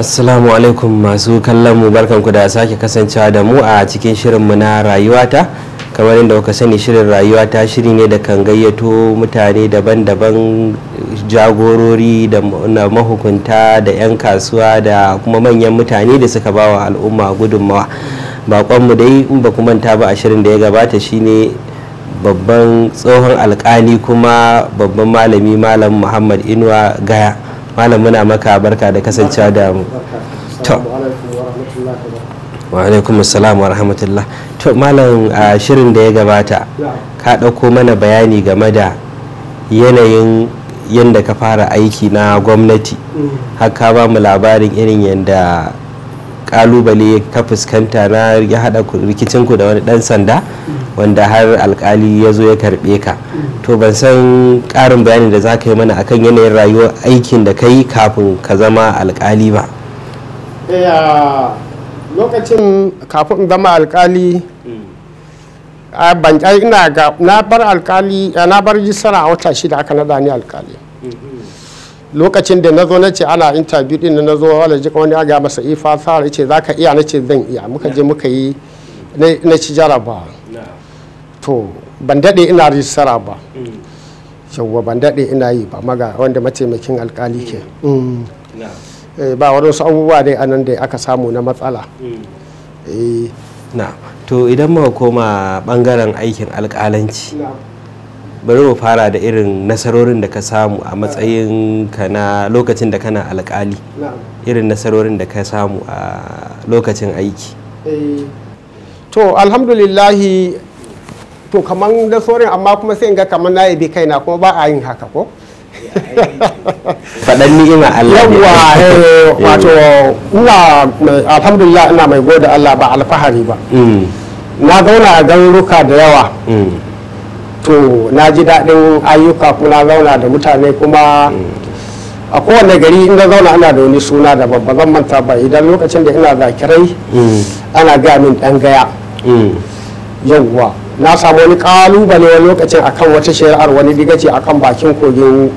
assalamu alaikum masu kallon mu barkanku da sake kasancewa da mu a cikin shirin mu na rayuwata kamar inda kuka sani shirin rayuwata shiri ne da kan gayyato mutane daban-daban jagorori da mahukunta da 'yan kasuwa da kuma manyan mutane da suka bawa al'umma gudunmawa bakonmu dai in ba ku manta ba a shirin da ya gabata shine babban tsohon alkali kuma babban malami malam muhammad inuwa gaya malam muna maka barka da kasancewa da mu to wa alaikum assalam wa rahmatullah to malam a shirin da ya gabata ka ɗauko mana bayani game da yanayin yadda ka fara aiki na gwamnati har ka ba mu labarin irin yadda kalubale ka fuskanta na ya haɗa rikicinku da wani ɗan sanda wanda har alkali ya zo ya karbe ka to ban san karin bayani da za ka yi mana akan yanayin rayuwar aikin da ka yi kafin ka zama alkali ba eh, lokacin kafin zama alkali bankai ina ga na bar alkali na bar jisara a wata shida aka na ni alkali lokacin da na zo na ce ana interview din na zo wala jika wani aga masa ifa eh, tsara ce za ka iya na ce zan iya muka je muka yi na ci jarabawa to ban daɗe ina rijistara ba yawwa ban daɗe ina yi ba maga wanda mataimakin alkali ke mm. eh, ba waɗansu abubuwa dai anan da aka samu na matsala mm. eh. to idan muka koma bangaren aikin alkalanci bari mu fara da irin nasarorin da ka samu a matsayin ka na lokacin da kana alkali irin nasarorin da ka samu a lokacin aiki eh. to alhamdulillahi to kaman da sauran amma kuma sai in ga kaman na yabe kaina kuma ba a yin haka ko faɗan ni'ima Allah yawa eh, wato eh. ina alhamdulillah ina mai gode Allah ba alfahari ba mm. na zauna a garuruka da yawa mm. to na ji daɗin ayyuka kuma na zauna da mutane kuma mm. a kowane gari inda zauna ana da wani suna da babba zan manta ba idan lokacin da ina zakirai ana gamin ɗan gaya yawwa na samu wani kalubale wani lokacin akan wata shari'ar wani digaci akan bakin kogin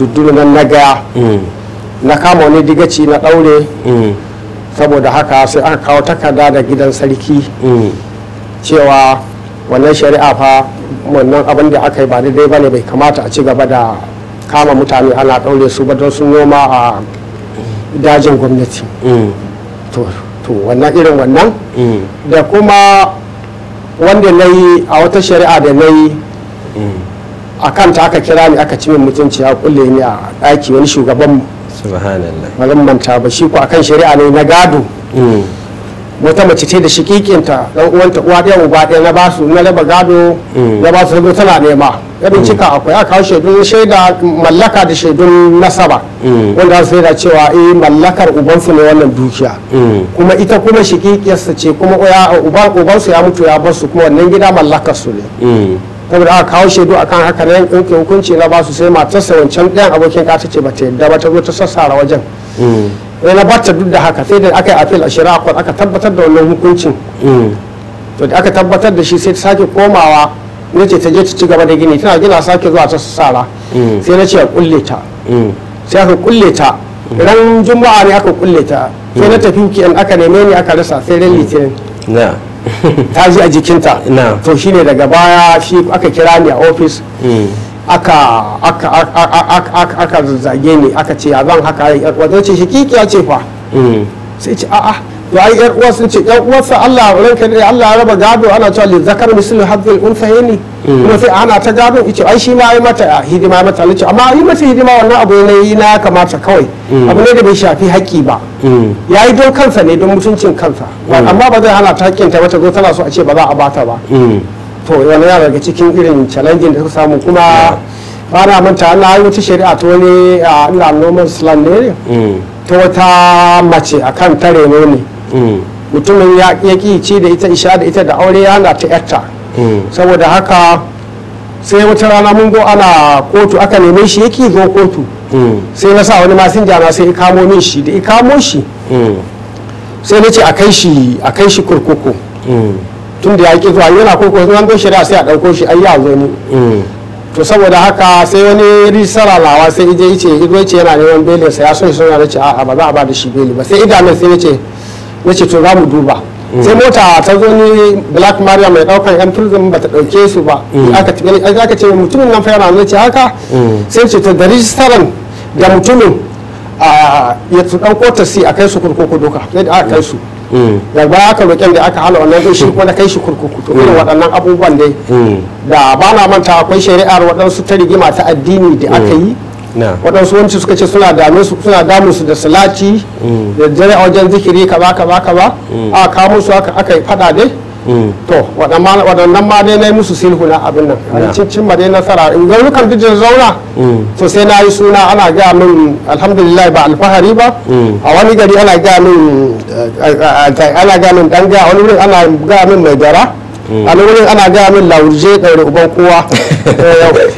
dudduru nan na gaya mm. na kama wani digaci na daure mm. saboda haka sai aka kawo takarda da gidan sarki mm. cewa wannan shari'a fa wannan abin da aka yi ba daidai ba ne bai kamata a ci gaba da kama mutane ana daure su ba don sun noma a dajin gwamnati to wannan irin wannan da kuma wanda na yi a wata shari'a da na yi a kanta aka kira ni aka ci min mutunci a kulle ni a ɗaki wani shugaban malam manta ba shi ko akan shari'a ne na gado mm. wata mace ce da shikikinta dan uwanta uwa ɗaya uba ɗaya na basu na raba gado mm. na basu tana nema garin cika akwai aka kawo shaidun shaida mallaka da shaidun nasaba mm. wanda su da cewa eh mallakar ubansu ne wannan dukiya mm. kuma ita kuma shikikiyarsa ce kuma ubansu ya mutu ya bar kuma wannan gida mallakar su ne mm. saboda aka kawo shaidu akan haka na yankin hukunci na basu sai matarsa wancan ɗayan abokin kata ce ba ta yadda ba ta zo ta sassara wajen sai eh, na bata duk da haka sai da aka yi apel a shari'a kwat aka tabbatar da wannan hukuncin to da aka tabbatar da shi sai ta sake komawa na ce ta je ta ci gaba da gini tana gina sake zuwa ta sara mm. sai na ce a kulle ta mm. sai aka kulle ta mm. ran juma'a ne aka kulle ta sai na tafi kiyan aka neme ni aka rasa sai ran litinin ta ji a jikinta to shine daga baya shi aka kira ni a ofis aka aka zage ni aka ce a zan haka wato ce shi kiki ya ce fa sai ce a'a to ai yar uwa sun ce yan uwarsa Allah ranka ne Allah ya raba gado ana cewa li zakar mislu hadzul unsayni mm. kuma sai ana ta gado yace ai shi ma yi mata hidima mata lace amma yi mata hidima wannan abu ne yi na kamata kawai mm. abu ne da bai shafi haƙƙi ba mm. yayi don kansa ne don mutuncin kansa amma ba zai hana ta haƙƙinta ta wata zo tana so a ce ba za a bata ba to wani yana daga cikin irin challenging da suka samu kuma ba na manta Allah yi wata shari'a ta wani a ina noman ne ta wata mace akan tare ne Mm. mutumin ya ce da ita isha da ita da aure yana ta yarta mm. saboda haka sai wata rana mun go ana kotu aka neman shi yake zo kotu mm. sai na sa wani masinja na sai ikamo min shi da ikamo shi sai na ce a kai shi kurkuku tun da ya ƙi zuwa yana kurkuku sun zo shari'a sai a ɗauko shi ai ya zo ni to saboda haka sai wani risara lawa sai ije ice ido ce yana neman belin sa ya so shi suna ce a'a ba za a ba da shi belin ba sai idanun sai ya ce ya ce to za mu duba mm. sai mota ta zo ni black maria mai daukan yan prison ba ta dauke su ba mm. aka ce mutumin nan fa yana ce haka mm. sai ce to da rijistaran da mutumin ya su dauko ta si a kai su kurkuku duka sai da aka kai su da ba aka roƙen da aka hana wannan ɗin shi kuma da kai shi kurkuku to irin waɗannan abubuwan dai da ba na manta akwai shari'ar waɗansu ta rigima ta addini da aka yi waɗansu wanci suka ce suna dame su suna damu su da salati mm. da jere a wajen zikiri kaba kaba kaba. Mm. a kawo musu aka aka yi faɗa dai mm. to waɗannan ma dai na yi musu sulhu na abin nan a cin ma dai nasara in ga duk da zauna to sai na yi suna ana gaya min alhamdulillah ba alfahari ba a wani gari ana gaya min eh, eh, eh, ana gaya min ɗan gaya wani wurin ana gaya min mai dara a ana gaya min laurje ɗaure uban kowa eh,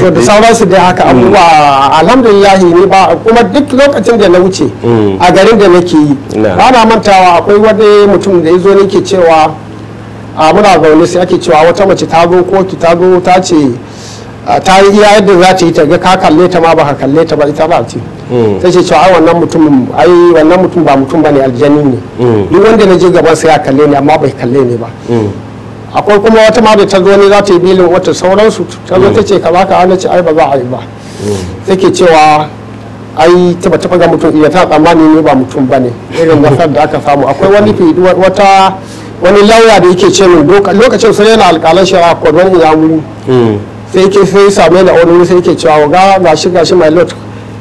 to da sauransu dai haka mm. abubuwa alhamdulillah ni ba kuma duk lokacin da na wuce mm. a garin da nake yi ba na mantawa akwai wani mutum da ya zo nake cewa a muna zaune sai ake cewa wata mace ta zo kotu ta zo ta ce ta yi iya yadda za ta yi ta ga ka kalle ta ma ba ka kalle ta ba ita ba ce sai mm. ce cewa wannan mutum ai wannan mutum ba mutum bane aljani ne mm. duk wanda na je gaban sa ya kalle ni amma bai kalle ni ba mm. akwai kuma wata ma da ta zo ne za ta yi bilin wata sauransu ta zo ta ce ka baka ana ce ai ba za a yi ba ke cewa ai taba taba ga mutum iya ta tsammani ne ba mutum bane irin wasar da aka samu akwai wani wata wani lauya da yake ce min lokacin sai yana alƙalan shara kwadon iyamu sai ke sai same da wani sai ke cewa ga gashi gashi my lord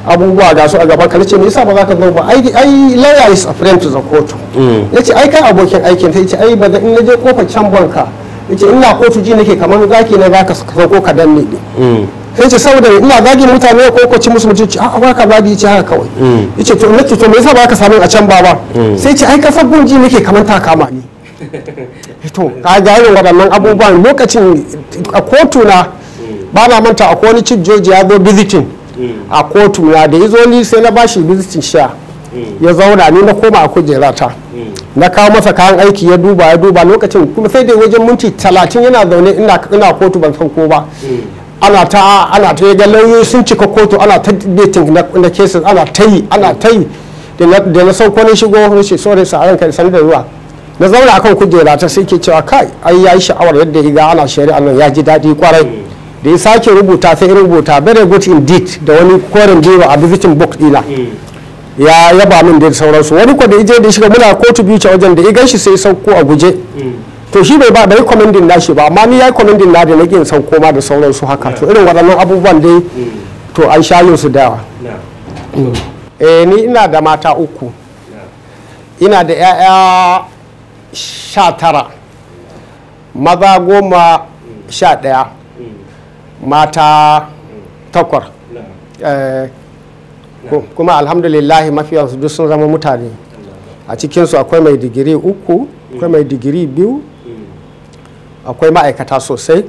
abubuwa ga su a gaba ka ce me yasa ba za ka zo ba ai ai lawyer is a friend to the court yace mm. ai kai abokin aikin ta yace ai ba in naje kofar chamber ka yace ina kotu ji nake kamar zaki ne zaka sauko ka danne ni mm. sai ce saboda ina zagin mutane ko ko ci musu mutunci a ba ka zagi yace haka kawai mm. yace to nake to me yasa ba ka samu a can ba sai ce ai ka sabon ji nake kamar ta kama ni to ka ga irin waɗannan abubuwan lokacin a kotu na ba na manta akwai wani chief george ya zo visiting a kotu na, da izo ni sai na bashi visiting sha ya zauna ni na koma a kujerata na kawo masa kayan aiki ya duba ya duba lokacin kuma sai da wajen minti talatin yana zaune ina kotu ban san ko ba ana ta ana ta ga lauyoyi sun cika kotu ana ta dating na cases ana ta yi ana ta yi da na sauko ne shigo rashin sore sa ran kai sanar da ruwa na zauna akan kujera ta sai ke cewa kai ai yayi sha'awar yadda ya ga ana shari'a nan ya ji daɗi kwarai da ya sake rubuta sai rubuta very good indeed da wani koren gwiwa a visiting book dina ya yaba min da sauransu wani ko da ije da shiga muna kotu biyu ce wajen da ya shi sai sauko a guje to shi bai ba bai commending nashi ba amma ni ya commending na da nake sauko ma da sauransu haka to irin waɗannan abubuwan dai to an shayo su da yawa eh ni ina da mata uku ina da 'ya'ya sha tara maza goma sha ɗaya mata takwar eh, kuma alhamdulillahi mafiyansu duk sun zama mutane a cikinsu akwai mai digiri uku akwai mai digiri biyu akwai ma'aikata sosai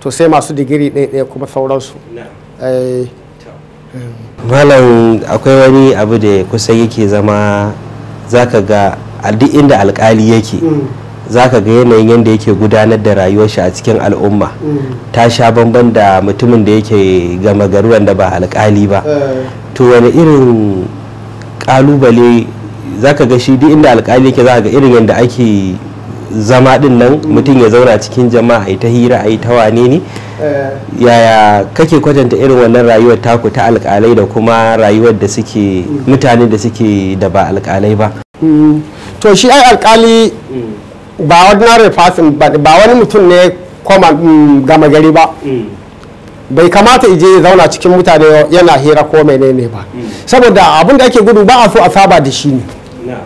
to sai masu digiri ɗaya kuma sauransu eh, malam akwai wani abu da kusan yake zama za ka ga a duk inda alkali yake mm. za ka ga yanayin yadda yake gudanar da rayuwar shi a cikin al'umma ta sha bamban da mutumin da yake gama gari wanda ba alkali ba eh. to wani irin kalubale za ka ga shi duk inda alkali yake za ga irin yadda ake zama din nan mm. mutum ya zauna cikin jama'a ta hira yi ta wane ne eh. yaya kake kwatanta irin wannan rayuwar taku ta alkalai da kuma rayuwar da suke mm. mutane da suke da ba alkalai ba mm. to shi ai alkali ba ordinary ba wani mutum ne koma mm, gama gari ba mm. bai kamata ije ya zauna cikin mutane yana hira ko menene ba mm. saboda abin da ake gudu ba a so a saba da shi ne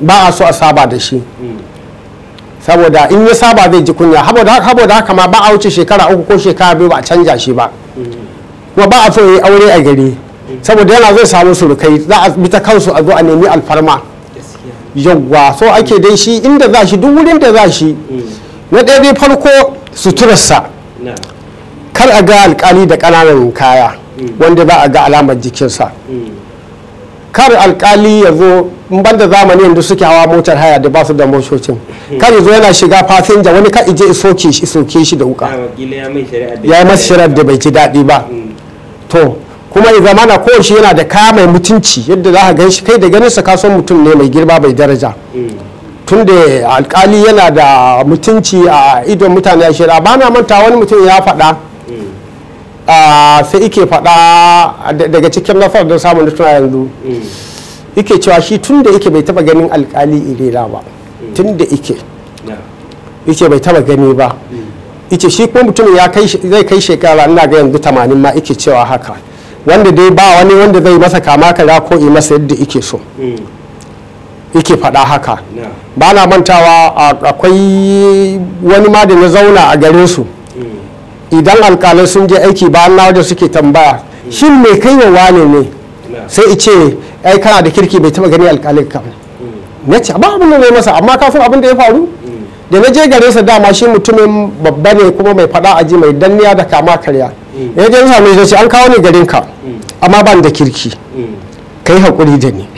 ba a so a saba da shi saboda in ya saba zai ji kunya da haka ma ba a wuce shekara uku ko shekara biyu ba a canja shi ba kuma ba a so ya yi aure a gari saboda yana zai samu surukai za a bi ta kansu a zo a nemi alfarma yawwa so ake dai shi inda za shi duk wurin da za shi hmm. na ɗaya dai farko suturarsa kar a ga alkali da ƙananan kaya hmm. wanda za a ga alamar jikinsa hmm. kar alkali ya zo ban da zamani yanzu suke hawa motar haya da basu su da motocin kar ya zo yana shiga fasinja wani kar ije isoke shi shi da wuka ya yi masa shari'ar da bai ji daɗi ba to kuma ya zamana kowace yana da kaya mai mutunci yadda za ka gan shi kai da ganin sa kasuwan mutum ne mai girma mai daraja tunda alkali yana da mutunci a idon mutane a shirya ba na manta wani mutum ya faɗa sai ike faɗa daga cikin nasarar da samun da tuna yanzu ike cewa shi tun da ike bai taba ganin alkali irera ba tun da ike ike bai taba gani ba ike shi kuma mutum ya zai kai shekara ina ga yanzu tamanin ma ike cewa haka wanda dai ba wani wanda zai masa kama kaza ko yi masa yadda ike so hmm. yake faɗa haka ba na mantawa akwai wani ma da na zauna a garin su hmm. idan alkalai sun je aiki ba na wajen suke tambaya hmm. shin mai kai wa wane ne sai ice ai kana da kirki bai taba gani alkalai ka na ce ba abin da ne masa amma kafin abin da ya faru da na je gare sa dama shi mutumin babba ne kuma mai faɗa aji mai danniya da kama karya ya je sa mai ce an kawo ni garin ka amma ban da kirki ka yi haƙuri da ni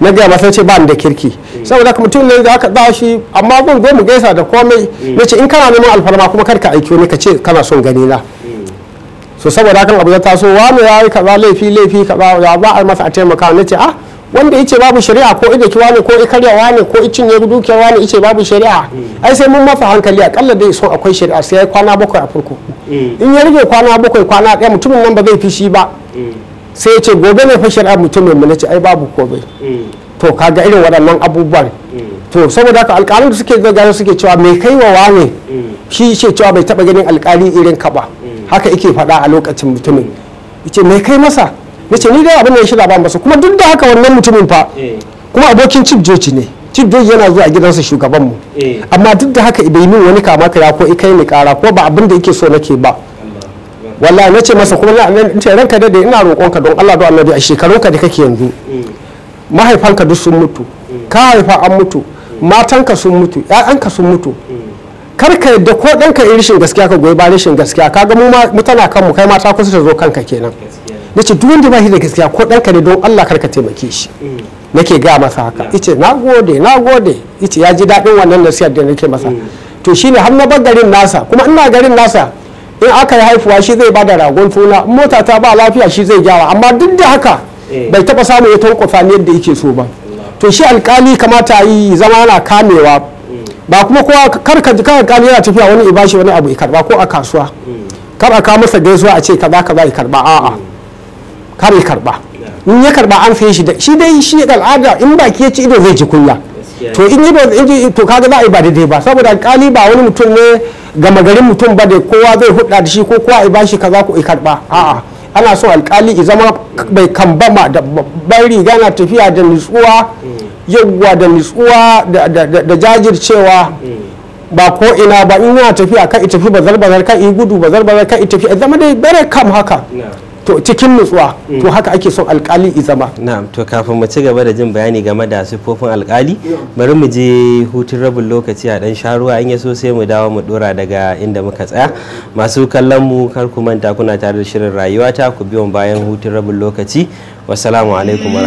na gaya masu ce ban da kirki saboda mutum ne da aka za shi amma zan zo mu gaisa da komai na ce in kana neman alfarma kuma karka aiki ne ka ce kana son gani na so saboda hakan abu ya taso wani ya yi kaza laifi laifi kaza ya ba a masa a taimaka na ce ah wanda yace babu shari'a ko ida kiwa ne ko ikaryawa ne ko icin ya dukiyarwa ne yace babu shari'a mm. ai sai mun mafa hankali akalla dai so akwai shari'a sai ya kwana bakwai a farko mm. in ya rage kwana bakwai kwana ɗaya mutumin nan ba zai fishi ba mm. sai ya gobe ne fa shari'a mutumin mu nace ai babu komai to kaga irin waɗannan abubuwan to saboda haka alƙalin da suke gaggawa suke cewa mai kai wa wane shi ce cewa bai taba ganin alƙali irin ka ba haka yake faɗa a lokacin mutumin yace mai kai masa nace ni dai abin da ya shirya ba masa kuma duk da haka wannan mutumin fa eh. kuma abokin chief joji ne chief joji yana zuwa gidansa shugaban mu eh. amma duk da haka bai min wani kama kira ko kai ni kara ko ba abin da yake so nake ba wallahi nace masa kuma na ce ranka da ina roƙonka don Allah don Annabi a ka da kake yanzu mm. mahaifanka duk sun mutu mm. ka haifa an mutu mm. matanka sun mutu ƴaƴanka sun mutu kar ka yadda ko ɗanka irin rashin gaskiya ka goyi ba rashin gaskiya kaga mu ma mu tana kanmu kai mata kusa ta zo kanka kenan na ce duk ba shi da gaskiya ko ɗanka ne don Allah karka taimake shi mm. nake ga masa haka ice na gode na gode ice ya ji daɗin wannan nasiyar da nake masa mm. to shine har na bar garin nasa kuma ina garin nasa in aka yi haifuwa shi zai bada ragon tuna mota ta ba lafiya shi zai gyara amma duk da haka eh. bai taba samu ya tankofa ne yadda yake so ba to shi alkali kamata yi zama na kamewa mm. ba kuma kowa karka ji kan kali yana tafiya wani ibashi wani abu ya karba ko a kasuwa kar a kawo masa gaisuwa a ce kaza kaza ya karba a'a kar ya karba in ya karba an fiye shi da shi dai shi al'ada in baki ya ci ido zai ji kunya to in ido to kaga za a yi ba saboda alƙali ba wani mutum ne gama garin mutum ba da kowa zai hudda da shi ko kowa ya bashi kaza ko ya karba a'a ana so alƙali ya zama bai kambama da babban riga na tafiya da nutsuwa mm. yawwa da nutsuwa da jajircewa mm. ba ko ina ba in yana tafiya kan tafi bazar bazar kan gudu bazar bazar kan tafi zama dai bare kam haka to cikin nutsuwa mm. to haka ake son alkali zama na'am to kafin mu ci gaba da jin bayani game da siffofin alkali bari mu je hutun rabin lokaci a dan sharuwa in yaso sai mu dawo mu dora daga inda muka tsaya masu kallon mu kar ku manta kuna tare da shirin rayuwata ku biyo bayan hutun rabin lokaci wassalamu alaikum